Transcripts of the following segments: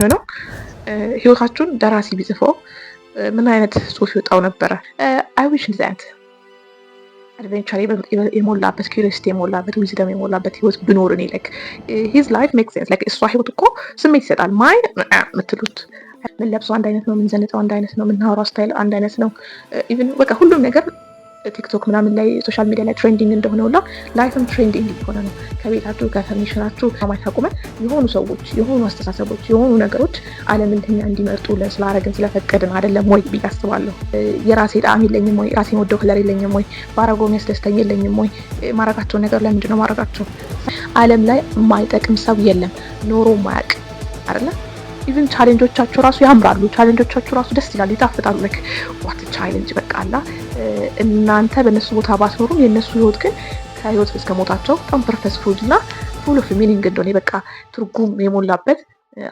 የሚሆነው ህይወታችሁን ደራሲ ቢጽፈው ምን አይነት ጽሁፍ ይወጣው ነበረ? አይዊሽ ዛት አድቨንቸር የሞላበት ኪሪስቲ የሞላበት ዊዝደም የሞላበት ህይወት ብኖር እኔ ላይክ ሂዝ ላይፍ ሜክ ሴንስ ላይክ እሷ ህይወት እኮ ስሜት ይሰጣል። ማይ ምትሉት ምን ለብሰው አንድ አይነት ነው፣ ምን ዘንጠው አንድ አይነት ነው፣ ምናወራው ስታይል አንድ አይነት ነው። ኢቨን በቃ ሁሉም ነገር ቲክቶክ ምናምን ላይ ሶሻል ሚዲያ ላይ ትሬንዲንግ እንደሆነ ሁላ ላይፍም ትሬንዲንግ እየሆነ ነው። ከቤታችሁ ከፈርኒቸራችሁ ማማት አቁመ የሆኑ ሰዎች የሆኑ አስተሳሰቦች የሆኑ ነገሮች ዓለምን እኛ እንዲመርጡ ስላረግን ስለፈቀድን አይደለም ወይ ብዬ አስባለሁ። የራሴ ጣዕም የለኝም ወይ ራሴ ወደው ክለር የለኝም ወይ ባረጎ የሚያስደስተኝ የለኝም ወይ ማረጋቸው ነገር ለምንድነው ማረጋቸው? ዓለም ላይ የማይጠቅም ሰው የለም ኖሮ ማያቅ አይደለም ኢቭን ቻሌንጆቻቸው ራሱ ያምራሉ። ቻሌንጆቻቸው ራሱ ደስ ይላል፣ ይጣፍጣሉ። ልክ ዋት ቻሌንጅ በቃላ እናንተ በእነሱ ቦታ ባትኖሩም የእነሱ ህይወት ግን ከህይወት እስከ ሞታቸው በጣም ፐርፐስፉል እና ፉል ኦፍ ሚኒንግ እንደሆነ በቃ ትርጉም የሞላበት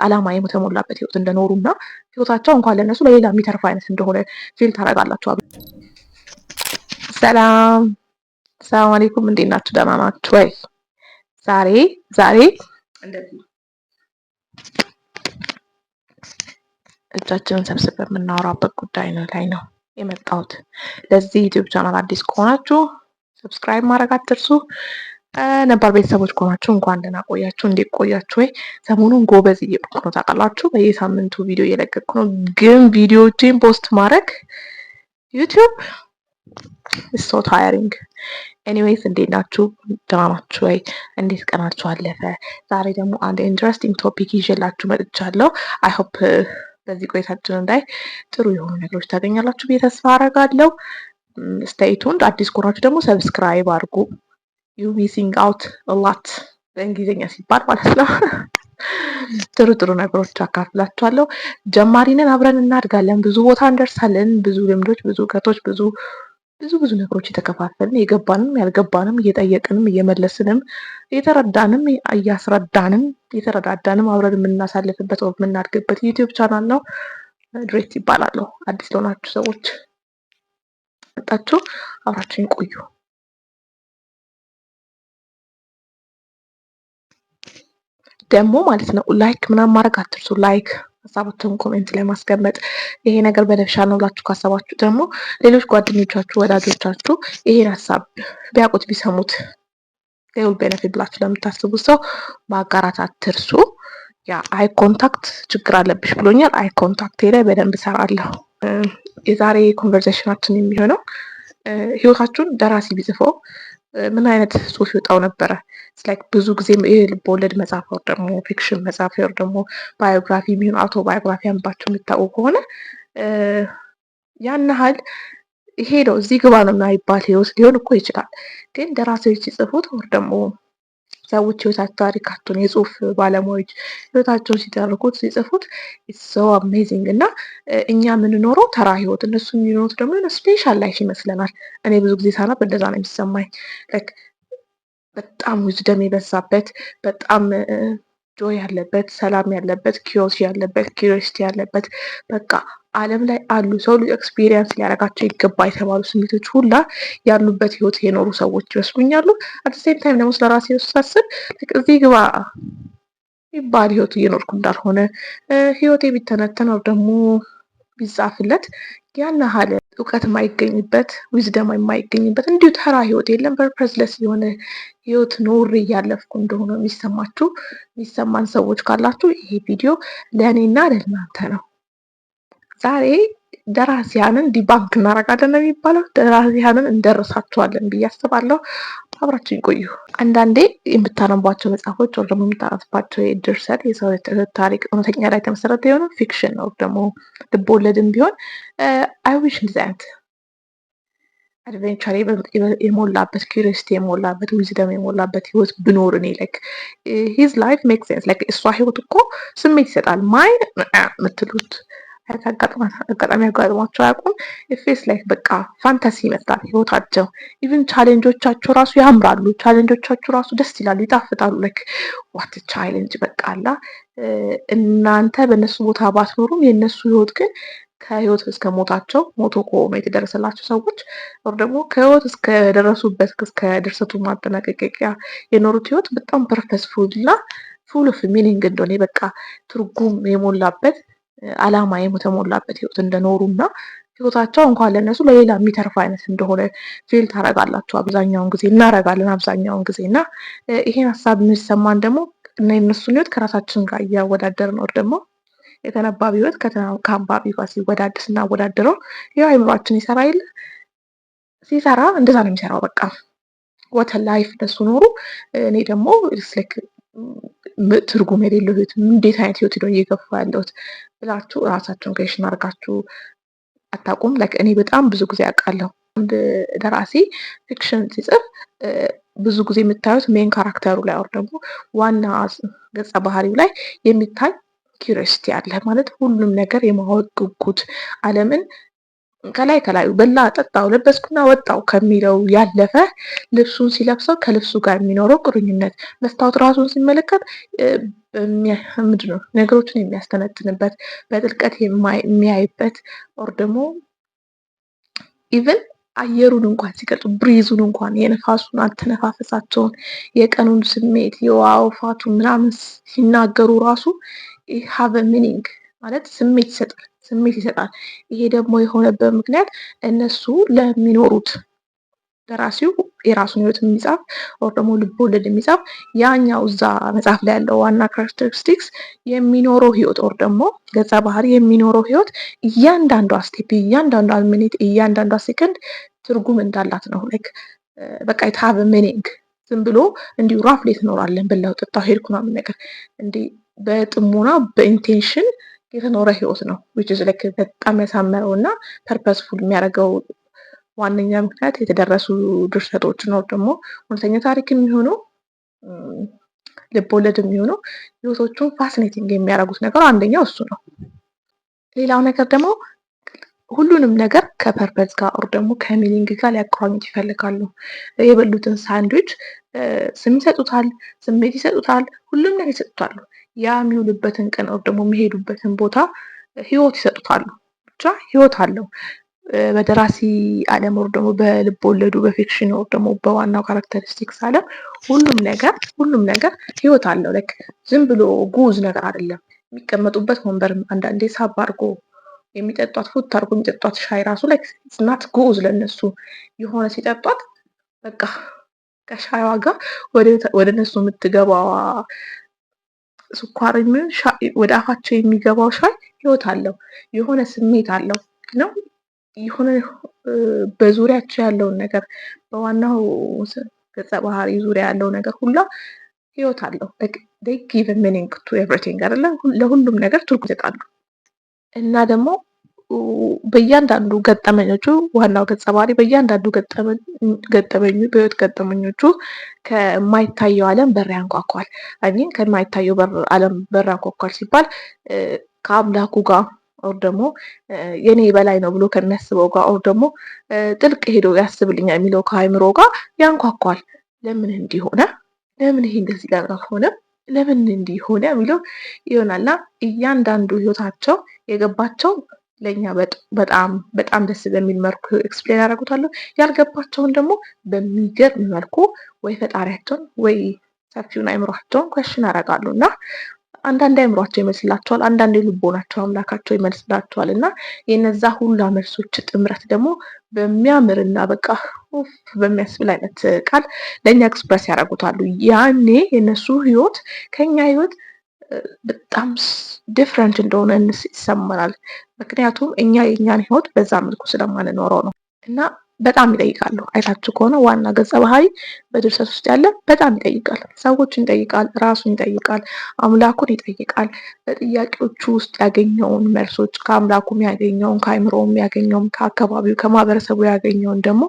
አላማ የተሞላበት ህይወት እንደኖሩ እና ህይወታቸው እንኳን ለእነሱ ለሌላ የሚተርፍ አይነት እንደሆነ ፊል ታደርጋላችሁ። ሰላም ሰላም አሌይኩም፣ እንዴት ናችሁ? ደህና ናችሁ ወይ? ዛሬ ዛሬ እንደዚህ እጃችንን ሰብስበ የምናወራበት ጉዳይ ላይ ነው የመጣሁት። ለዚህ ዩቲዩብ ቻናል አዲስ ከሆናችሁ ሰብስክራይብ ማድረግ አትርሱ። ነባር ቤተሰቦች ከሆናችሁ እንኳን ደህና ቆያችሁ። እንዴት ቆያችሁ? ወይ ሰሞኑን ጎበዝ እየሆንኩ ነው ታውቃላችሁ። በየሳምንቱ ቪዲዮ እየለቀቅኩ ነው፣ ግን ቪዲዮዎችን ፖስት ማድረግ ዩቲዩብ ሶ ታይሪንግ። ኤኒዌይስ እንዴት ናችሁ? ደህና ናችሁ ወይ? እንዴት ቀናችሁ አለፈ? ዛሬ ደግሞ አንድ ኢንትረስቲንግ ቶፒክ ይዤላችሁ መጥቻለሁ። አይ ሆፕ በዚህ ቆይታችን ላይ ጥሩ የሆኑ ነገሮች ታገኛላችሁ ብዬ ተስፋ አረጋለሁ። ስታይቱን አዲስ ኮራችሁ ደግሞ ሰብስክራይብ አድርጉ። ዩ ሚሲንግ አውት ላት በእንግሊዝኛ ሲባል ማለት ነው። ጥሩ ጥሩ ነገሮች አካፍላችኋለሁ። ጀማሪንን አብረን እናድጋለን። ብዙ ቦታ እንደርሳለን። ብዙ ልምዶች፣ ብዙ እውቀቶች፣ ብዙ ብዙ ብዙ ነገሮች የተከፋፈልን የገባንም ያልገባንም እየጠየቅንም እየመለስንም እየተረዳንም እያስረዳንም እየተረዳዳንም አብረን የምናሳልፍበት ወ የምናድግበት ዩቲዩብ ቻናል ነው። ድሬት ይባላለሁ። አዲስ ለሆናችሁ ሰዎች መጣችሁ አብራችን ቆዩ። ደግሞ ማለት ነው ላይክ ምናምን ማድረግ አትርሱ። ላይክ ሀሳቦችን ኮሜንት ላይ ማስቀመጥ። ይሄ ነገር በተሻለ ነው ብላችሁ ካሰባችሁ ደግሞ ሌሎች ጓደኞቻችሁ፣ ወዳጆቻችሁ ይሄን ሀሳብ ቢያውቁት ቢሰሙት ሌሎች ቤነፊት ብላችሁ ለምታስቡ ሰው ማጋራት አትርሱ። ያ አይ ኮንታክት ችግር አለብሽ ብሎኛል። አይ ኮንታክት ላይ በደንብ ሰራለሁ የዛሬ ኮንቨርሴሽናችን የሚሆነው ህይወታችሁን ደራሲ ቢጽፈው ምን አይነት ጽሁፍ ይወጣው ነበረ? ላይክ ብዙ ጊዜ ልብ ወለድ መጽሐፍ ወር ደግሞ ፊክሽን መጽሐፍ ወር ደግሞ ባዮግራፊ የሚሆን አውቶ ባዮግራፊ አንባቸው የሚታወቁ ከሆነ ያን ያህል ይሄ ነው እዚህ ግባ ነው የማይባል ህይወት ሊሆን እኮ ይችላል። ግን ደራሲዎች ይጽፉት ወር ደግሞ ሰዎች ህይወታቸው ታሪካቸውን የጽሁፍ ባለሙያዎች ህይወታቸውን ሲተርኩት ሲጽፉት ሰው አሜዚንግ እና እኛ የምንኖረው ተራ ህይወት እነሱ የሚኖሩት ደግሞ የሆነ ስፔሻል ላይፍ ይመስለናል። እኔ ብዙ ጊዜ ሳነብ እንደዛ ነው የሚሰማኝ። በጣም ውዝደም የበዛበት በጣም ጆይ ያለበት፣ ሰላም ያለበት፣ ኪዮስ ያለበት፣ ኪሪስቲ ያለበት በቃ ዓለም ላይ አሉ ሰው ልጅ ኤክስፒሪየንስ ሊያደርጋቸው ይገባ የተባሉ ስሜቶች ሁላ ያሉበት ህይወት የኖሩ ሰዎች ይመስሉኛሉ። አደሴም ታይም ደግሞ ስለራሴ ሳስብ እዚህ ግባ ይባል ህይወት እየኖርኩ እንዳልሆነ ህይወቴ ቢተነተን ደግሞ ቢጻፍለት ያን ያህል እውቀት የማይገኝበት ዊዝደም የማይገኝበት እንዲሁ ተራ ህይወት የለም። ፐርፐዝለስ የሆነ ህይወት ኖር እያለፍኩ እንደሆነ የሚሰማችሁ የሚሰማን ሰዎች ካላችሁ ይሄ ቪዲዮ ለእኔና ለእናንተ ነው። ዛሬ ደራሲያንን ዲባንክ እናረጋለን ነው የሚባለው። ደራሲያንን እንደርሳቸዋለን ብዬ አስባለሁ። አብራችን ቆዩ። አንዳንዴ የምታነቧቸው መጽሐፎች ወይም ደግሞ የምታነባቸው የድርሰት የሰው ታሪክ እውነተኛ ላይ ተመሰረተ የሆኑ ፊክሽን ነው ደግሞ ልብ ወለድም ቢሆን አይዊሽ እንደዚህ አይነት አድቬንቸር የሞላበት ኪሪስቲ የሞላበት ዊዝደም የሞላበት ህይወት ብኖር እኔ ላይክ ሂዝ ላይፍ ሜክ ሴንስ ላይክ እሷ ህይወት እኮ ስሜት ይሰጣል ማይን ምትሉት አጋጣሚ አጋጥሟቸው አያውቁም። ፌስ ላይ በቃ ፋንታሲ ይመስላል ህይወታቸው። ኢቭን ቻሌንጆቻቸው ራሱ ያምራሉ። ቻሌንጆቻቸው ራሱ ደስ ይላሉ፣ ይጣፍጣሉ። ላይክ ዋት ቻሌንጅ በቃ አላ እናንተ በእነሱ ቦታ ባትኖሩም የእነሱ ህይወት ግን ከህይወት እስከ ሞታቸው ሞቶ ከሆኑ የተደረሰላቸው ሰዎች ወር ደግሞ ከህይወት እስከደረሱበት እስከ ድርሰቱ ማጠናቀቂያ የኖሩት ህይወት በጣም ፐርፐስፉል እና ፉል ኦፍ ሚኒንግ እንደሆነ በቃ ትርጉም የሞላበት አላማ የተሞላበት ህይወት እንደኖሩ እና ህይወታቸው እንኳን ለነሱ ለሌላ የሚተርፍ አይነት እንደሆነ ፊል ታረጋላቸው አብዛኛውን ጊዜ እናረጋለን አብዛኛውን ጊዜ እና ይሄን ሀሳብ የሚሰማን ደግሞ እነሱን ህይወት ከራሳችን ጋር እያወዳደር ነው ደግሞ የተነባቢ ህይወት ከአንባቢ ጋር ሲወዳድ ስናወዳድረው ያው አይምሯችን ይሰራ የለ ሲሰራ እንደዛ ነው የሚሰራው በቃ ወተ ላይፍ እነሱ ኖሩ እኔ ደግሞ ስልክ ትርጉም የሌለው ህይወት እንዴት አይነት ህይወት ነው እየገፋ ያለሁት ብላችሁ ራሳችሁን ከሽን አድርጋችሁ አታውቁም። እኔ በጣም ብዙ ጊዜ አውቃለሁ። አንድ ደራሲ ፊክሽን ሲጽፍ ብዙ ጊዜ የምታዩት ሜን ካራክተሩ ላይ ወር ደግሞ ዋና ገጸ ባህሪው ላይ የሚታይ ኪሪስቲ አለ ማለት ሁሉም ነገር የማወቅ ጉጉት አለምን ከላይ ከላዩ በላ፣ ጠጣው፣ ለበስኩና ወጣው ከሚለው ያለፈ ልብሱን ሲለብሰው ከልብሱ ጋር የሚኖረው ቁርኝነት መስታወት ራሱን ሲመለከት ምንድን ነው ነገሮችን የሚያስተነትንበት በጥልቀት የሚያይበት ኦር ደግሞ ኢቨን አየሩን እንኳን ሲገልጹ ብሪዙን እንኳን የነፋሱን አተነፋፈሳቸውን የቀኑን ስሜት የዋውፋቱ ምናምን ሲናገሩ ራሱ ሀቭ ሚኒንግ ማለት ስሜት ይሰጣል። ስሜት ይሰጣል። ይሄ ደግሞ የሆነበት ምክንያት እነሱ ለሚኖሩት ደራሲው የራሱን ህይወት የሚጻፍ ወር ደግሞ ወለድ የሚጻፍ ያኛው እዛ መጽሐፍ ላይ ያለው ዋና ካራክተሪስቲክስ የሚኖረው ህይወት ወር ደግሞ ገጸ ባህሪ የሚኖረው ህይወት እያንዳንዷ ስቴፕ፣ እያንዳንዷ ሚኒት፣ እያንዳንዷ ሴከንድ ትርጉም እንዳላት ነው። ላይክ በቃ የታብ ሚኒንግ ዝም ብሎ እንዲሁ ራፍ ላይ ትኖራለን ብለው ጥታ ሄድኩና ምን ነገር እንዲህ በጥሞና በኢንቴንሽን የተኖረ ህይወት ነው። ዊች ኢዝ ላይክ በጣም ያሳመረው እና ፐርፐስፉል የሚያደርገው ዋነኛ ምክንያት የተደረሱ ድርሰቶች ነው። ደግሞ እውነተኛ ታሪክ የሚሆኑ ልብ የሚሆኑ ህይወቶቹን ፋሲኔቲንግ የሚያደርጉት ነገር አንደኛው እሱ ነው። ሌላው ነገር ደግሞ ሁሉንም ነገር ከፐርፐዝ ጋር ኦር ደግሞ ከሚሊንግ ጋር ሊያቆራኙት ይፈልጋሉ። የበሉትን ሳንድዊች ስም ይሰጡታል፣ ስሜት ይሰጡታል፣ ሁሉም ነገር ይሰጡታሉ። ያ የሚውልበትን ቀን ደግሞ የሚሄዱበትን ቦታ ህይወት ይሰጡታሉ። ብቻ ህይወት አለው። በደራሲ አለም ወር ደግሞ በልብ ወለዱ በፊክሽን ወር ደግሞ በዋናው ካራክተሪስቲክስ አለም ሁሉም ነገር ሁሉም ነገር ህይወት አለው። ለክ ዝም ብሎ ጉዝ ነገር አይደለም። የሚቀመጡበት ወንበርም አንዳንዴ ሳብ አድርጎ የሚጠጧት ፉት አድርጎ የሚጠጧት ሻይ ራሱ ጽናት ጉዝ ለነሱ የሆነ ሲጠጧት በቃ ከሻይዋ ጋር ወደ ነሱ የምትገባዋ ስኳርም ወደ አፋቸው የሚገባው ሻይ ህይወት አለው፣ የሆነ ስሜት አለው ነው የሆነ በዙሪያቸው ያለውን ነገር በዋናው ገጸ ባህሪ ዙሪያ ያለው ነገር ሁላ ህይወት አለው። ጊቭ ሚኒንግ ቱ ኤቭሪቲንግ አለ ለሁሉም ነገር ትርጉም ይሰጣሉ እና ደግሞ በእያንዳንዱ ገጠመኞቹ ዋናው ገጸ ባህሪ በእያንዳንዱ ገጠመኙ በህይወት ገጠመኞቹ ከማይታየው ዓለም በር ያንኳኳል። አይሚን ከማይታየው ዓለም በር ያንኳኳል ሲባል ከአምላኩ ጋር ኦር ደግሞ የኔ በላይ ነው ብሎ ከሚያስበው ጋር ኦር ደግሞ ጥልቅ ሄዶ ያስብልኛል የሚለው ከአይምሮ ጋር ያንኳኳል። ለምን እንዲሆነ ለምን ይሄ እንደዚህ ሆነ ለምን እንዲሆነ የሚለው ይሆናልና እያንዳንዱ ህይወታቸው የገባቸው ለእኛ በጣም በጣም ደስ በሚል መልኩ ኤክስፕሌን ያደርጉታለሁ። ያልገባቸውን ደግሞ በሚገርም መልኩ ወይ ፈጣሪያቸውን ወይ ሰፊውን አይምሯቸውን ኮሽን ያደርጋሉ እና አንዳንድ አይምሯቸው ይመስላቸዋል፣ አንዳንድ ልቦናቸው አምላካቸው ይመስላቸዋል እና የነዛ ሁላ መልሶች ጥምረት ደግሞ በሚያምርና በቃ ኡፍ በሚያስብል አይነት ቃል ለእኛ ኤክስፕረስ ያደርጉታሉ። ያኔ የነሱ ህይወት ከኛ ህይወት በጣም ዲፍረንት እንደሆነ ይሰማናል። ምክንያቱም እኛ የእኛን ህይወት በዛ መልኩ ስለማንኖረው ነው እና በጣም ይጠይቃሉ። አይታችሁ ከሆነ ዋና ገጸ ባህሪ በድርሰት ውስጥ ያለ በጣም ይጠይቃል። ሰዎችን ይጠይቃል፣ ራሱን ይጠይቃል፣ አምላኩን ይጠይቃል። በጥያቄዎቹ ውስጥ ያገኘውን መልሶች ከአምላኩም ያገኘውን ከአይምሮም ያገኘውን ከአካባቢው ከማህበረሰቡ ያገኘውን ደግሞ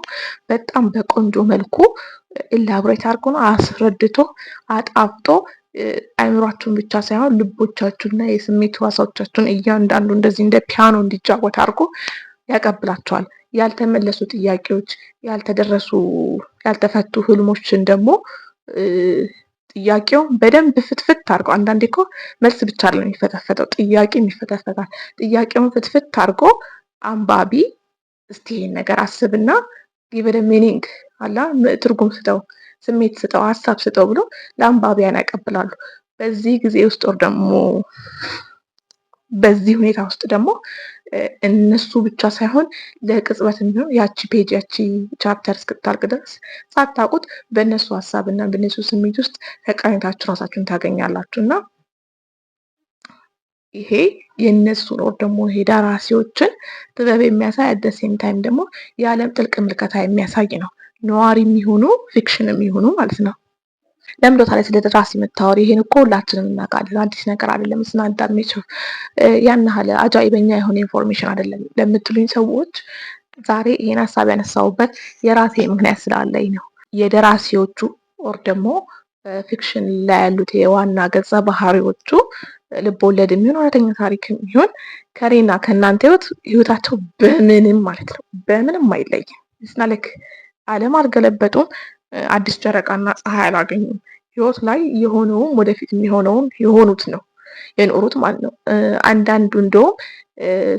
በጣም በቆንጆ መልኩ ኢላብሬት አድርጎ ነው አስረድቶ አጣፍጦ አይምሯችሁን ብቻ ሳይሆን ልቦቻችሁና የስሜት ህዋሳዎቻችሁን እያንዳንዱ እንደዚህ እንደ ፒያኖ እንዲጫወት አድርጎ ያቀብላቸዋል። ያልተመለሱ ጥያቄዎች፣ ያልተደረሱ ያልተፈቱ ህልሞችን ደግሞ ጥያቄውን በደንብ ፍትፍት አድርጎ አንዳንዴ እኮ መልስ ብቻ አለ የሚፈተፈተው ጥያቄ ይፈተፈታል። ጥያቄውን ፍትፍት አድርጎ አንባቢ እስቲ ይሄን ነገር አስብና ጊቨደ ሚኒንግ አላ ትርጉም ስጠው፣ ስሜት ስጠው፣ ሀሳብ ስጠው ብሎ ለአንባቢያን ያቀብላሉ። በዚህ ጊዜ ውስጥ ወር ደግሞ በዚህ ሁኔታ ውስጥ ደግሞ እነሱ ብቻ ሳይሆን ለቅጽበት የሚሆን ያቺ ፔጅ ያቺ ቻፕተር እስክታልቅ ድረስ ሳታውቁት በእነሱ ሀሳብ እና በእነሱ ስሜት ውስጥ ተቃኝታችሁ ራሳችሁን ታገኛላችሁ እና ይሄ የእነሱ ኖር ደግሞ ይሄ ደራሲዎችን ጥበብ የሚያሳይ አደሴም ታይም ደግሞ የዓለም ጥልቅ ምልከታ የሚያሳይ ነው። ነዋሪ የሚሆኑ ፊክሽን የሚሆኑ ማለት ነው። ለምዶ ታዲያ ስለ ደራሲ መታወሪ? ይሄን እኮ ሁላችንም እናውቃለን። አዲስ ነገር አይደለም። ስናዳ የሚችል ያን ያህል አጃኢበኛ የሆነ ኢንፎርሜሽን አይደለም ለምትሉኝ ሰዎች ዛሬ ይሄን ሀሳብ ያነሳውበት የራሴ ምክንያት ስላለኝ ነው። የደራሲዎቹ ኦር ደግሞ ፊክሽን ላይ ያሉት የዋና ገጸ ባህሪዎቹ ልቦለድ የሚሆን እውነተኛ ታሪክ የሚሆን ከኔና ከእናንተ ህይወት ህይወታቸው በምንም ማለት ነው በምንም አይለይም ስናልክ ዓለም አልገለበጡም። አዲስ ጨረቃና ፀሐይ አላገኙም። ህይወት ላይ የሆነውም ወደፊት የሚሆነውም የሆኑት ነው የኖሩት ማለት ነው። አንዳንዱ እንደውም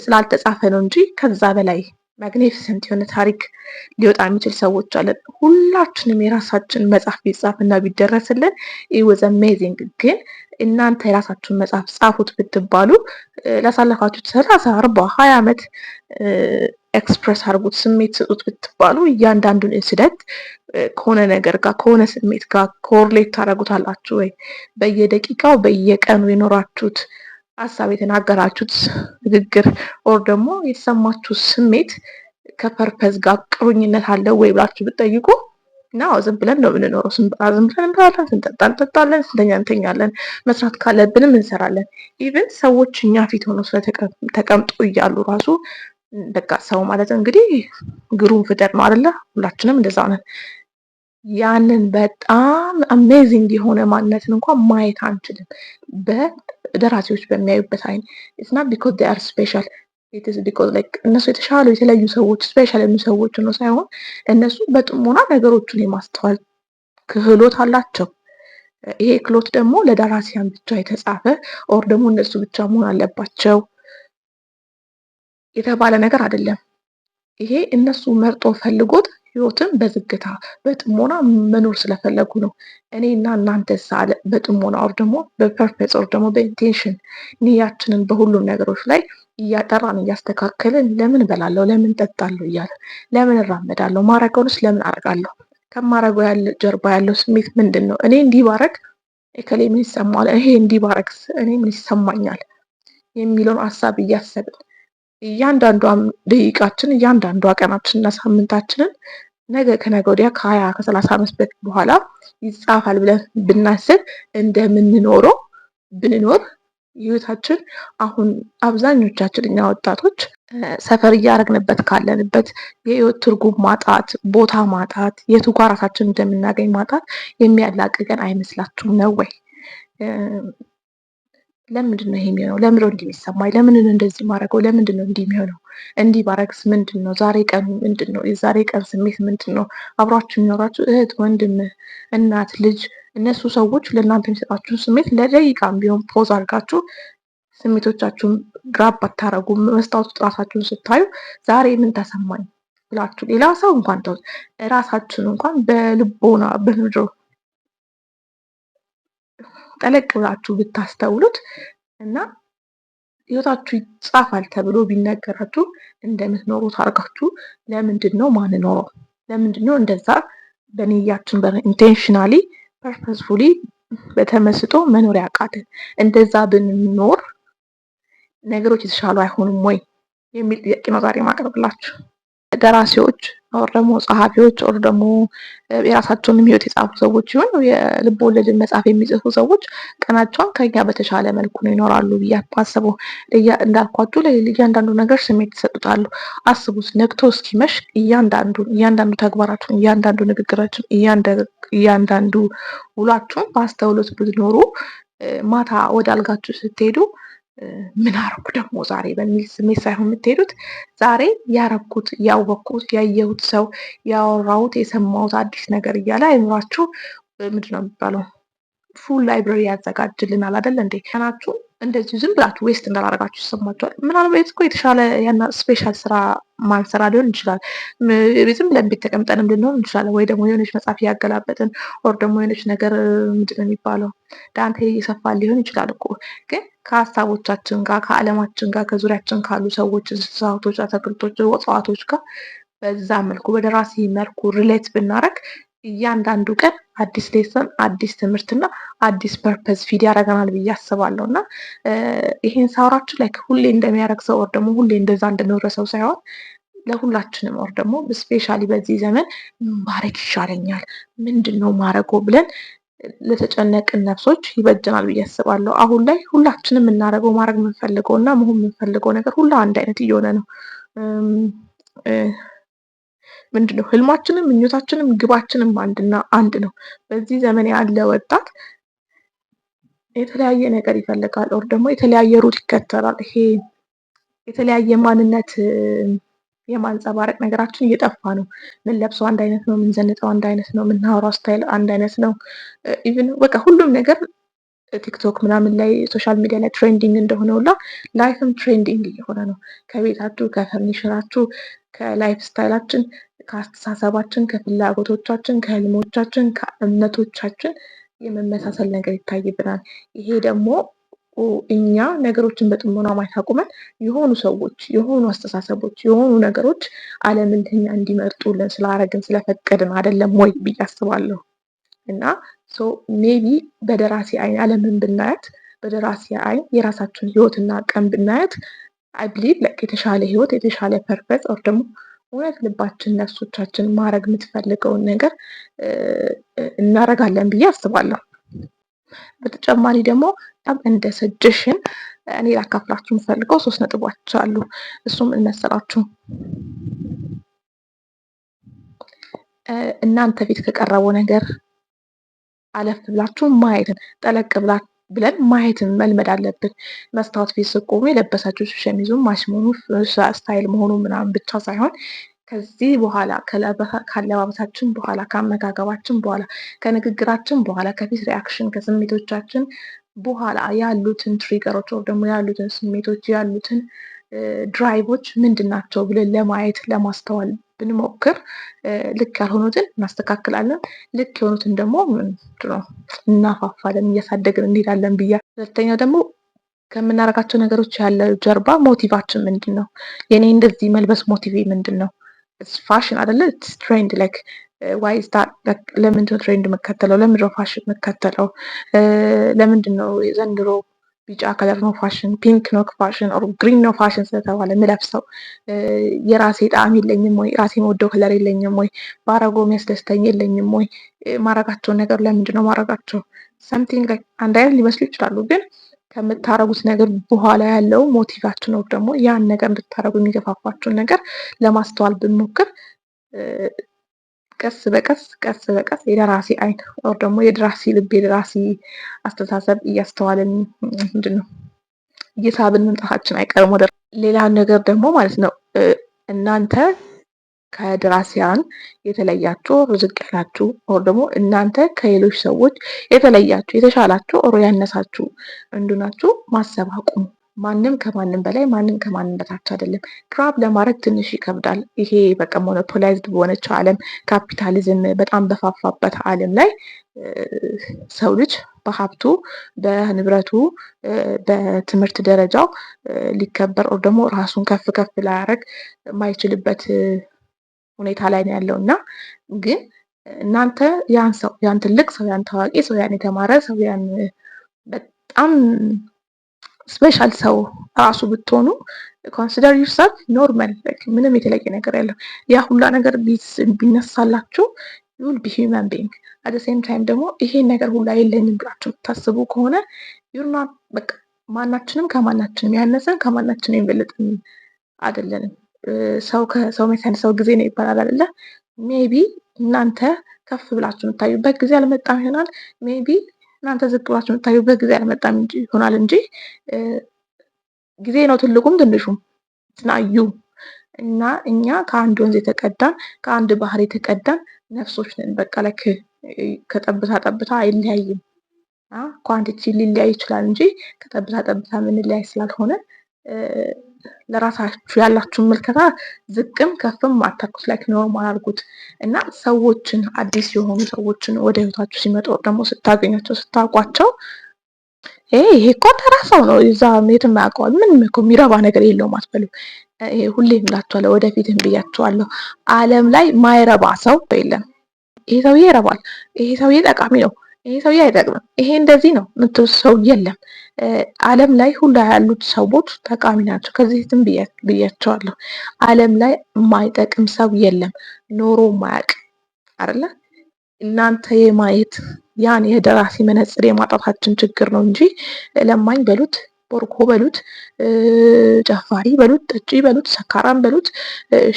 ስላልተጻፈ ነው እንጂ ከዛ በላይ ማግኒፊሰንት የሆነ ታሪክ ሊወጣ የሚችል ሰዎች አለን። ሁላችንም የራሳችን መጽሐፍ ቢጻፍ እና ቢደረስልን ወዝ አሜዚንግ። ግን እናንተ የራሳችሁን መጽሐፍ ጻፉት ብትባሉ ላሳለፋችሁት ሰላሳ አርባ ሀያ ዓመት ኤክስፕረስ አድርጉት፣ ስሜት ስጡት ብትባሉ እያንዳንዱን ኢንስደንት ከሆነ ነገር ጋር ከሆነ ስሜት ጋር ኮርሌት አላችሁ ወይ? በየደቂቃው በየቀኑ የኖራችሁት ሀሳብ የተናገራችሁት ንግግር ኦር ደግሞ የተሰማችሁ ስሜት ከፐርፐዝ ጋር ቅሩኝነት አለው ወይ ብላችሁ ብትጠይቁ እና ዝም ብለን ነው የምንኖረው። ስንበላ ዝም ብለን እንበላለን፣ ስንጠጣ እንጠጣለን፣ ስንተኛ እንተኛለን፣ መስራት ካለብንም እንሰራለን። ኢቨን ሰዎች እኛ ፊት ሆነው ስለተቀምጦ እያሉ ራሱ በቃ ሰው ማለት እንግዲህ ግሩም ፍጠር ነው አይደለ? ሁላችንም እንደዛ ነን። ያንን በጣም አሜዚንግ የሆነ ማንነትን እንኳን ማየት አንችልም በደራሲዎች በሚያዩበት አይን። ስና ቢኮዝ ዴይ አር ስፔሻል እነሱ የተሻሉ የተለያዩ ሰዎች ስፔሻል የሚ ሰዎች ነው ሳይሆን እነሱ በጥሞና ነገሮችን የማስተዋል ክህሎት አላቸው። ይሄ ክህሎት ደግሞ ለደራሲያን ብቻ የተጻፈ ኦር ደግሞ እነሱ ብቻ መሆን አለባቸው የተባለ ነገር አይደለም። ይሄ እነሱ መርጦ ፈልጎት ህይወትን በዝግታ በጥሞና መኖር ስለፈለጉ ነው። እኔ እና እናንተ ሳለ በጥሞና ወር ደግሞ በፐርፌክት ወር ደግሞ በኢንቴንሽን ንያችንን በሁሉም ነገሮች ላይ እያጠራን እያስተካከልን ለምን እበላለሁ፣ ለምን ጠጣለሁ እያለ ለምን እራመዳለሁ፣ ማረገውንስ ለምን አደርጋለሁ፣ ከማረገው ያለ ጀርባ ያለው ስሜት ምንድን ነው? እኔ እንዲባረግ ባረግ እከሌ ምን ይሰማል፣ ይሄ እንዲባረግ እኔ ምን ይሰማኛል የሚለውን ሀሳብ እያሰብን እያንዳንዷም ደቂቃችን እያንዳንዷ ቀናችንና ሳምንታችንን ነገ ከነገ ወዲያ ከሀያ ከሰላሳ ዓመት በኋላ ይጻፋል ብለን ብናስብ እንደምንኖረው ብንኖር ህይወታችን አሁን አብዛኞቻችን እኛ ወጣቶች ሰፈር እያደረግንበት ካለንበት የህይወት ትርጉም ማጣት፣ ቦታ ማጣት፣ የቱ ጋር ራሳችን እንደምናገኝ ማጣት የሚያላቅቀን አይመስላችሁም ነው ወይ? ለምንድን ነው ይሄ የሚሆነው? ለምን እንዲህ የሚሰማኝ? ለምን እንደዚህ ማድረገው? ለምንድን ነው እንዲህ የሚሆነው? እንዲህ ባረግስ ምንድን ነው? ዛሬ ቀን ምንድን ነው? የዛሬ ቀን ስሜት ምንድን ነው? አብሯችሁ የሚኖራችሁ እህት፣ ወንድም፣ እናት፣ ልጅ እነሱ ሰዎች ለእናንተ የሚሰጣችሁን ስሜት ለደቂቃም ቢሆን ፖዝ አድርጋችሁ ስሜቶቻችሁን ግራብ ባታረጉ መስታወት ጥራሳችሁን ራሳችሁን ስታዩ ዛሬ ምን ተሰማኝ ብላችሁ ሌላ ሰው እንኳን ተውት፣ ራሳችሁን እንኳን በልቦና በምድሮ ጠለቅ ብላችሁ ብታስተውሉት እና ህይወታችሁ ይጻፋል ተብሎ ቢነገራችሁ እንደምትኖሩት አድርጋችሁ ለምንድን ነው ማንኖረው? ለምንድን ነው እንደዛ በንያችን ኢንቴንሽናሊ ፐርፐስፉሊ በተመስጦ መኖር ያቃትን? እንደዛ ብንኖር ነገሮች የተሻሉ አይሆኑም ወይ የሚል ጥያቄ ነው ዛሬ ማቅረብላችሁ። ደራሲዎች ኦር ደግሞ ጸሐፊዎች ኦር ደግሞ የራሳቸውን ሕይወት የጻፉ ሰዎች ሲሆን የልብ ወለድን መጽሐፍ የሚጽፉ ሰዎች ቀናቸውን ከኛ በተሻለ መልኩ ነው ይኖራሉ ብዬ አስበው። እንዳልኳችሁ ለእያንዳንዱ ነገር ስሜት ይሰጡታሉ። አስቡት ነግቶ እስኪመሽ እያንዳንዱ እያንዳንዱ ተግባራችሁን፣ እያንዳንዱ ንግግራችሁን፣ እያንዳንዱ ውሏችሁን በአስተውሎት ብትኖሩ ማታ ወደ አልጋችሁ ስትሄዱ ምን አረኩ ደግሞ ዛሬ በሚል ስሜት ሳይሆን የምትሄዱት ዛሬ ያረኩት፣ ያወቅኩት፣ ያየሁት ሰው ያወራሁት፣ የሰማሁት አዲስ ነገር እያለ አይምሯችሁ ምንድን ነው የሚባለው ፉል ላይብረሪ ያዘጋጅልናል አይደል እንዴ ናችሁ እንደዚሁ ዝም ብላችሁ ዌስት እንዳላረጋችሁ ይሰማችኋል። ምናልባት እኮ የተሻለ ያና ስፔሻል ስራ ማንሰራ ሊሆን ይችላል። ዝም ብለን ቤት ተቀምጠንም ልንሆን እንችላለን። ወይ ደግሞ የሆነች መጽሐፍ እያገላበጥን ኦር ደግሞ የሆነች ነገር ምንድን ነው የሚባለው ዳንቴ እየሰፋ ሊሆን ይችላል እኮ ግን ከሀሳቦቻችን ጋር ከዓለማችን ጋር ከዙሪያችን ካሉ ሰዎች፣ እንስሳቶች፣ አትክልቶች፣ እጽዋቶች ጋር በዛ መልኩ በደራሲ መልኩ ሪሌት ብናደረግ እያንዳንዱ ቀን አዲስ ሌሰን አዲስ ትምህርትና አዲስ ፐርፐዝ ፊድ ያደርገናል ብዬ አስባለሁ እና ይሄን ሳውራችሁ ላይ ሁሌ እንደሚያደረግ ሰው ወር ደግሞ ሁሌ እንደዛ እንደኖረ ሰው ሳይሆን ለሁላችንም ወር ደግሞ ስፔሻሊ በዚህ ዘመን ምን ማድረግ ይሻለኛል፣ ምንድን ነው ማድረጎ ብለን ለተጨነቅን ነፍሶች ይበጀናል ብዬ አስባለሁ። አሁን ላይ ሁላችንም የምናደርገው ማድረግ የምንፈልገው እና መሆን የምንፈልገው ነገር ሁላ አንድ አይነት እየሆነ ነው። ምንድን ነው ህልማችንም ምኞታችንም ግባችንም አንድና አንድ ነው። በዚህ ዘመን ያለ ወጣት የተለያየ ነገር ይፈልጋል፣ ኦር ደግሞ የተለያየ ሩት ይከተላል። ይሄ የተለያየ ማንነት የማንጸባረቅ ነገራችን እየጠፋ ነው። ምን ለብሰው አንድ አይነት ነው፣ ምን ዘንጠው አንድ አይነት ነው፣ ምን ስታይል አንድ አይነት ነው። ኢቭን በቃ ሁሉም ነገር ቲክቶክ ምናምን ላይ ሶሻል ሚዲያ ላይ ትሬንዲንግ እንደሆነ ሁላ ላይፍም ትሬንዲንግ እየሆነ ነው። ከቤታችሁ ከፈርኒሽራችሁ ከላይፍ ስታይላችን፣ ከአስተሳሰባችን፣ ከፍላጎቶቻችን፣ ከህልሞቻችን፣ ከእምነቶቻችን የመመሳሰል ነገር ይታይብናል። ይሄ ደግሞ እኛ ነገሮችን በጥሞና ማየት አቁመን የሆኑ ሰዎች፣ የሆኑ አስተሳሰቦች፣ የሆኑ ነገሮች ዓለምን እንዲመርጡልን ስላረግን ስለፈቀድን አይደለም ወይ ብዬ አስባለሁ። እና ሜቢ በደራሲ አይን ዓለምን ብናያት በደራሲ አይን የራሳችን ህይወትና ቀን ብናያት አይብሊድ ለቅ የተሻለ ህይወት የተሻለ ፐርፐዝ ኦር ደግሞ እውነት ልባችን ነፍሶቻችን ማድረግ የምትፈልገውን ነገር እናደርጋለን ብዬ አስባለሁ። በተጨማሪ ደግሞ በጣም እንደ ሰጀሽን እኔ ላካፍላችሁ የምፈልገው ሶስት ነጥቦች አሉ። እሱም እንመሰላችሁ እናንተ ቤት ከቀረበው ነገር አለፍ ብላችሁ ማየትን ጠለቅ ብላችሁ ብለን ማየትን መልመድ አለብን። መስታወት ቤት ስቆሙ የለበሳቸው ሸሚዙ ማሽሞኑ መሆኑ ስታይል መሆኑ ምናምን ብቻ ሳይሆን ከዚህ በኋላ ካለባበሳችን በኋላ ከአመጋገባችን በኋላ ከንግግራችን በኋላ ከፊት ሪያክሽን ከስሜቶቻችን በኋላ ያሉትን ትሪገሮች ወይ ደግሞ ያሉትን ስሜቶች ያሉትን ድራይቮች ምንድን ናቸው ብለን ለማየት ለማስተዋል ብንሞክር ልክ ያልሆኑትን እናስተካክላለን፣ ልክ የሆኑትን ደግሞ እናፋፋለን፣ እያሳደግን እንሄዳለን ብያ። ሁለተኛው ደግሞ ከምናደርጋቸው ነገሮች ያለ ጀርባ ሞቲቫችን ምንድን ነው? የኔ እንደዚህ መልበስ ሞቲቬ ምንድን ነው? ፋሽን አደለ ትሬንድ ላይክ ለምንድነው ትሬንድ የምከተለው? ለምንድነው ፋሽን የምከተለው? ለምንድነው ዘንድሮ ቢጫ ከለር ነው ፋሽን፣ ፒንክ ነው ፋሽን፣ ግሪን ነው ፋሽን ስለተባለ ምለብሰው የራሴ ጣዕም የለኝም ወይ? ራሴ መወደው ከለር የለኝም ወይ? ባረጎ የሚያስደስተኝ የለኝም ወይ? ማረጋቸውን ነገር ለምንድን ነው ማረጋቸው? ሰምቲንግ ላይ አንድ አይነት ሊመስሉ ይችላሉ ግን ከምታረጉት ነገር በኋላ ያለው ሞቲቫችን ነው ደግሞ ያን ነገር እንድታረጉ የሚገፋፋችሁን ነገር ለማስተዋል ብንሞክር ቀስ በቀስ ቀስ በቀስ የደራሲ አይን ወር ደግሞ የደራሲ ልብ የደራሲ አስተሳሰብ እያስተዋልን ምንድን ነው እየሳብን መምጣታችን አይቀርም። ወደ ሌላ ነገር ደግሞ ማለት ነው እናንተ ከደራሲያን የተለያችሁ ርዝቅ ያላችሁ ወር ደግሞ እናንተ ከሌሎች ሰዎች የተለያችሁ የተሻላችሁ ሮ ያነሳችሁ እንዱናችሁ ማሰብ አቁሙ። ማንም ከማንም በላይ ማንም ከማንም በታች አይደለም። ራብ ለማድረግ ትንሽ ይከብዳል። ይሄ በቃ ሞኖፖላይዝድ በሆነችው ዓለም ካፒታሊዝም በጣም በፋፋበት ዓለም ላይ ሰው ልጅ በሀብቱ፣ በንብረቱ፣ በትምህርት ደረጃው ሊከበር ኦር ደግሞ ራሱን ከፍ ከፍ ላያደርግ ማይችልበት ሁኔታ ላይ ነው ያለው እና ግን እናንተ ያን ሰው ያን ትልቅ ሰው ያን ታዋቂ ሰው ያን የተማረ ሰው ያን በጣም ስፔሻል ሰው ራሱ ብትሆኑ ኮንሲደር ዩርሰልፍ ኖርማል ምንም የተለየ ነገር ያለው ያ ሁላ ነገር ቢነሳላችሁ ዩል ቢ ሂውማን ቢንግ አደ ሴም ታይም ደግሞ ይሄን ነገር ሁላ የለኝም ብላችሁ ብታስቡ ከሆነ ዩርና በቃ ማናችንም ከማናችንም ያነሰን ከማናችን የበለጥን አደለንም ሰው ከሰው መሳን ሰው ጊዜ ነው ይባላል አይደለ? ሜቢ እናንተ ከፍ ብላችሁ የምታዩበት ጊዜ አልመጣም ይሆናል ሜቢ እናንተ ዝቅ ብላችሁ የምታዩበት ጊዜ አልመጣም እንጂ ይሆናል እንጂ ጊዜ ነው ትልቁም ትንሹም ትናዩ እና እኛ ከአንድ ወንዝ የተቀዳን ከአንድ ባህር የተቀዳን ነፍሶች ነን። በቃ ለክ ከጠብታ ጠብታ አይለያይም። ኳንቲቲ ሊለያይ ይችላል እንጂ ከጠብታ ጠብታ ምንለያይ ስላልሆነ ለራሳችሁ ያላችሁን ምልከታ ዝቅም ከፍም አታኩስ ላይክ ኖርማል አድርጉት እና ሰዎችን አዲስ የሆኑ ሰዎችን ወደ ህይወታችሁ ሲመጡ ደግሞ ስታገኛቸው ስታውቋቸው ይሄ እኮ ተራ ሰው ነው፣ እዛ የትም ያውቀዋል፣ ምንም እኮ የሚረባ ነገር የለውም አትበሉ። ይሄ ሁሌም እላችኋለሁ፣ ወደፊትም ብያችኋለሁ፣ ዓለም ላይ ማይረባ ሰው የለም። ይሄ ሰውዬ ይረባል፣ ይሄ ሰውዬ ጠቃሚ ነው ይሄ ሰውዬ አይጠቅምም፣ ይሄ እንደዚህ ነው የምትሉ ሰው የለም። ዓለም ላይ ሁላ ያሉት ሰዎች ጠቃሚ ናቸው። ትም ብያቸዋለሁ። ዓለም ላይ የማይጠቅም ሰው የለም ኖሮ ማያቅ አለ። እናንተ የማየት ያን የደራሲ መነጽር የማጣታችን ችግር ነው እንጂ ለማኝ በሉት ቦርኮ በሉት ጨፋሪ በሉት ጠጪ በሉት ሰካራም በሉት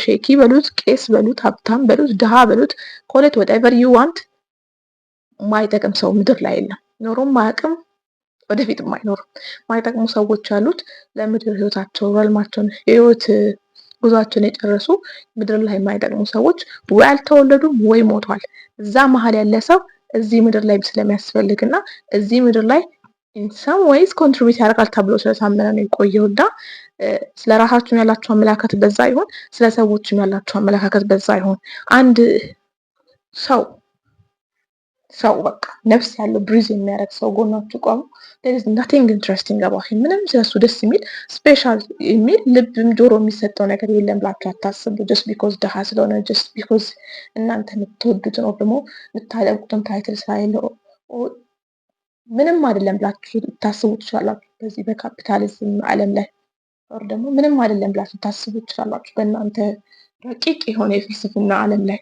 ሼኪ በሉት ቄስ በሉት ሀብታም በሉት ድሃ በሉት ኮሌት ወዳይቨር ዩ ዋንት ማይጠቅም ሰው ምድር ላይ የለም። ኖሮም ማያቅም ወደፊት አይኖርም። ማይጠቅሙ ሰዎች ያሉት ለምድር ህይወታቸው ረልማቸውን የህይወት ጉዟቸውን የጨረሱ ምድር ላይ የማይጠቅሙ ሰዎች ወይ አልተወለዱም ወይ ሞቷል። እዛ መሀል ያለ ሰው እዚህ ምድር ላይ ስለሚያስፈልግ እና እዚህ ምድር ላይ ኢንሰም ወይስ ኮንትሪቢዩት ያደርጋል ተብሎ ስለታመነ ነው የቆየው እና ስለ ራሳችሁም ያላችሁ አመለካከት በዛ ይሆን፣ ስለ ሰዎችም ያላችሁ አመለካከት በዛ ይሆን። አንድ ሰው ሰው በቃ ነፍስ ያለው ብሪዝ የሚያደርግ ሰው ጎናችሁ ቆሙ። ናቲንግ ኢንትረስቲንግ አባት ምንም ስለሱ ደስ የሚል ስፔሻል የሚል ልብም ጆሮ የሚሰጠው ነገር የለም ብላችሁ አታስቡ። ጀስት ቢኮዝ ድሃ ስለሆነ ጀስት ቢኮዝ እናንተ የምትወዱት ነው ደግሞ የምታደንቁትም ታይትል ስላለው ምንም አይደለም ብላችሁ ልታስቡ ትችላላችሁ። በዚህ በካፒታሊዝም ዓለም ላይ ወር ደግሞ ምንም አይደለም ብላችሁ ልታስቡ ትችላላችሁ በእናንተ ረቂቅ የሆነ የፍልስፍና ዓለም ላይ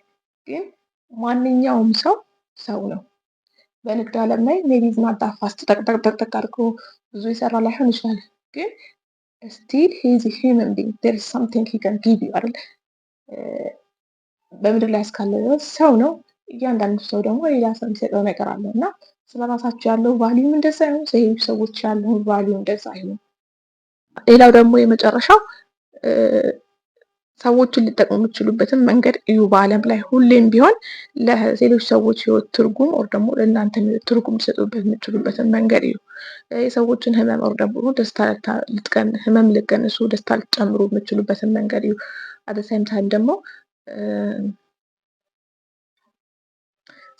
ግን ማንኛውም ሰው ሰው ነው። በንግድ ዓለም ላይ ሜቢ ዝናዳ ፋስት ጠቅጠቅጠቅጠቅ አድርጎ ብዙ የሰራ ላይሆን ይችላል፣ ግን ስቲል ሂዝ ሂውመን ቢንግ ዴር ኢዝ ሳምቲንግ ሂ ካን ጊቭ ዩ አይደል? በምድር ላይ እስካለ ድረስ ሰው ነው። እያንዳንዱ ሰው ደግሞ ሌላ ሰው የሚሰጠው ነገር አለው እና ስለ ራሳቸው ያለው ቫሊዩም እንደዛ አይሆን፣ ሌሎች ሰዎች ያለውን ቫሊዩ እንደዛ አይሆን። ሌላው ደግሞ የመጨረሻው ሰዎችን ሊጠቅሙ የሚችሉበትን መንገድ እዩ። በዓለም ላይ ሁሌም ቢሆን ለሌሎች ሰዎች ህይወት ትርጉም ኦር ደግሞ ለእናንተ ትርጉም ሊሰጡበት የምችሉበትን መንገድ እዩ። የሰዎችን ህመም ኦር ደግሞ ህመም ልቀንሱ ደስታ ልትጨምሩ የምችሉበትን መንገድ እዩ። አደሳይም ታይም ደግሞ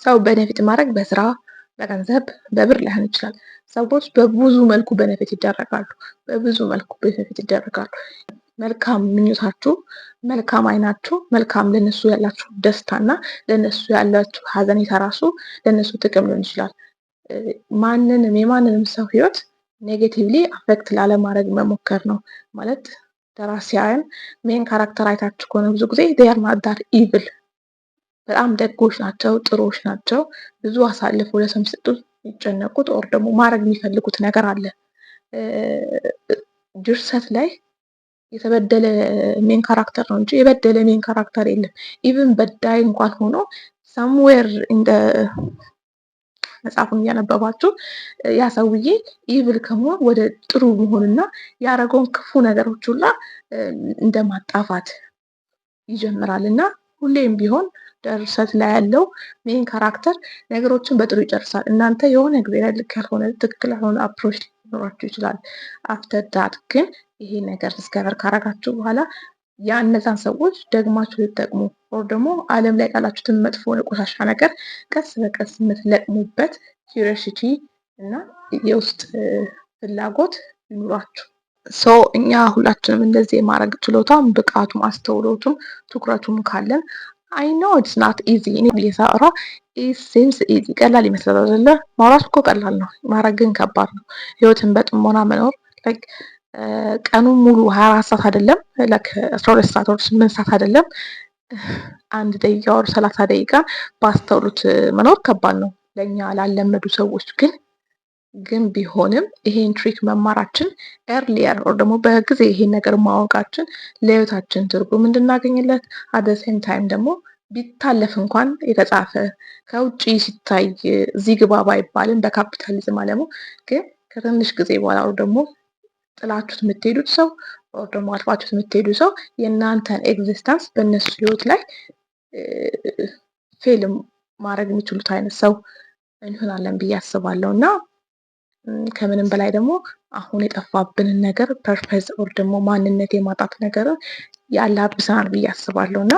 ሰው በነፊት ማድረግ በስራ በገንዘብ በብር ላይሆን ይችላል። ሰዎች በብዙ መልኩ በነፊት ይደረጋሉ። በብዙ መልኩ በነፊት ይደረጋሉ። መልካም ምኞታችሁ፣ መልካም አይናችሁ፣ መልካም ለነሱ ያላችሁ ደስታና ለነሱ ያላችሁ ሀዘኔታ ራሱ ለነሱ ጥቅም ሊሆን ይችላል። ማንንም የማንንም ሰው ህይወት ኔጌቲቭሊ አፌክት ላለማድረግ መሞከር ነው ማለት ደራሲያን ሜን ካራክተር አይታችሁ ከሆነ ብዙ ጊዜ ዜር ማዳር ኢቭል በጣም ደጎች ናቸው፣ ጥሮች ናቸው። ብዙ አሳልፈው ለሰው ሲሰጡት ይጨነቁት ኦር ደግሞ ማድረግ የሚፈልጉት ነገር አለ ድርሰት ላይ የተበደለ ሜን ካራክተር ነው እንጂ የበደለ ሜን ካራክተር የለም። ኢቭን በዳይ እንኳን ሆኖ ሳምዌር እንደ መጽሐፉን እያነበባችሁ ያ ሰውዬ ኢቭል ከመሆን ወደ ጥሩ መሆንና ያደረገውን ክፉ ነገሮች ሁላ እንደ ማጣፋት ይጀምራል እና ሁሌም ቢሆን ደርሰት ላይ ያለው ሜን ካራክተር ነገሮችን በጥሩ ይጨርሳል። እናንተ የሆነ ጊዜ ላይ ልክ ያልሆነ ትክክል ያልሆነ አፕሮች ሊኖራችሁ ይችላል። አፍተር ዳት ግን ይሄ ነገር እስከቨር ካረጋችሁ በኋላ ያ እነዛን ሰዎች ደግማችሁ ልጠቅሙ ኦር ደግሞ ዓለም ላይ ጣላችሁትን መጥፎ ቆሻሻ ነገር ቀስ በቀስ የምትለቅሙበት ኪሪዮሲቲ እና የውስጥ ፍላጎት ይኑራችሁ። ሰው እኛ ሁላችንም እንደዚህ የማድረግ ችሎታም ብቃቱም አስተውሎቱም ትኩረቱም ካለን አይ ኖ ኢትስ ናት ኢዚ እኔ የሰራ ኢዚ ቀላል ይመስላል አይደለ? ማውራት እኮ ቀላል ነው፣ ማድረግ ግን ከባድ ነው። ህይወትን በጥሞና መኖር ቀኑ ሙሉ ሀያ አራት ሰዓት አይደለም አስራ ሁለት ሰዓት ወር ስምንት ሰዓት አይደለም አንድ ደቂቃ ወር ሰላሳ ደቂቃ በአስተውሎት መኖር ከባድ ነው ለእኛ ላለመዱ ሰዎች ግን ግን ቢሆንም ይሄን ትሪክ መማራችን ኤርሊየር ወር ደግሞ በጊዜ ይሄን ነገር ማወቃችን ለህይወታችን ትርጉም እንድናገኝለት አደሴም ታይም ደግሞ ቢታለፍ እንኳን የተጻፈ ከውጭ ሲታይ እዚህ ግባ ባይባልም በካፒታሊዝም አለሙ ግን ከትንሽ ጊዜ በኋላ ደግሞ ጥላችሁት የምትሄዱት ሰው ወር ደግሞ አልፋችሁት የምትሄዱ ሰው የእናንተን ኤግዚስተንስ በእነሱ ህይወት ላይ ፌል ማድረግ የሚችሉት አይነት ሰው እንሆናለን ብዬ አስባለሁ እና ከምንም በላይ ደግሞ አሁን የጠፋብንን ነገር ፐርፐዝ ኦር ደግሞ ማንነት የማጣት ነገርን ያላብሰናል ብዬ አስባለሁ እና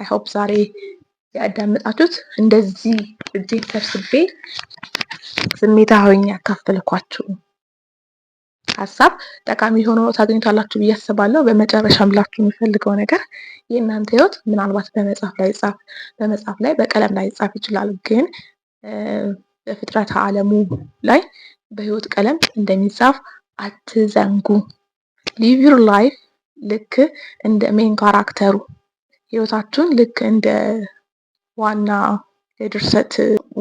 አይሆፕ ዛሬ ያዳምጣችሁት እንደዚህ እጅ ሰብስቤ ስሜታ ሆኜ ያካፈልኳችሁ ሀሳብ ጠቃሚ ሆኖ ታገኙታላችሁ ብዬ አስባለሁ። በመጨረሻ ምላችሁ የሚፈልገው ነገር የእናንተ ህይወት ምናልባት በመጽሐፍ ላይ ጻፍ በመጽሐፍ ላይ በቀለም ላይ ጻፍ ይችላል፣ ግን በፍጥረት ዓለሙ ላይ በህይወት ቀለም እንደሚጻፍ አትዘንጉ። ሊቭ ዩር ላይፍ ልክ እንደ ሜን ካራክተሩ ህይወታችሁን ልክ እንደ ዋና የድርሰት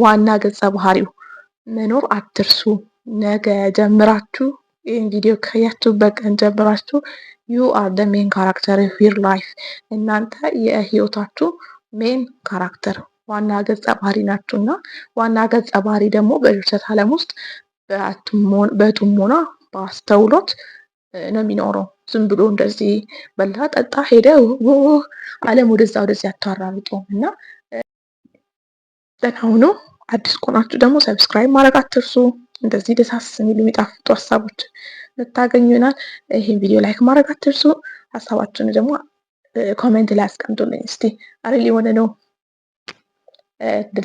ዋና ገጸ ባህሪው መኖር አትርሱ። ነገ ጀምራችሁ ይህን ቪዲዮ ካያችሁበት በቀን ጀምራችሁ ዩ አር ደ ሜን ካራክተር ኦፍ ዩር ላይፍ፣ እናንተ የህይወታችሁ ሜን ካራክተር ዋና ገጸ ባህሪ ናችሁ እና ዋና ገጸ ባህሪ ደግሞ በድርሰት አለም ውስጥ በጥሞና በአስተውሎት ነው የሚኖረው። ዝም ብሎ እንደዚህ በላ ጠጣ ሄደ አለም ወደዛ ወደዚህ አታራርጦም እና ደህና ሁኑ። አዲስ ከሆናችሁ ደግሞ ሰብስክራይብ ማድረግ አትርሱ። እንደዚህ ደሳስ የሚሉ የሚጣፍጡ ሀሳቦች የምታገኙ ይሆናል። ይህን ቪዲዮ ላይክ ማድረግ አትርሱ። ሀሳባችሁን ደግሞ ኮሜንት ላይ አስቀምጡልኝ። እስቲ አሪል የሆነ ነው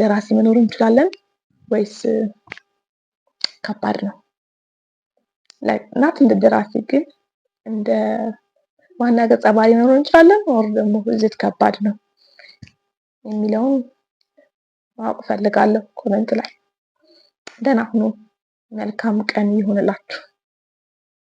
ደራሲ መኖር እንችላለን ወይስ ከባድ ነው? ናት እንደ ደራሲ ግን እንደ ዋና ገጸ ባህሪ መኖር እንችላለን ወር ደግሞ ዝት ከባድ ነው የሚለውን ማወቅ ፈልጋለሁ ኮመንት ላይ። ደህና ሁኑ። መልካም ቀን ይሁንላችሁ።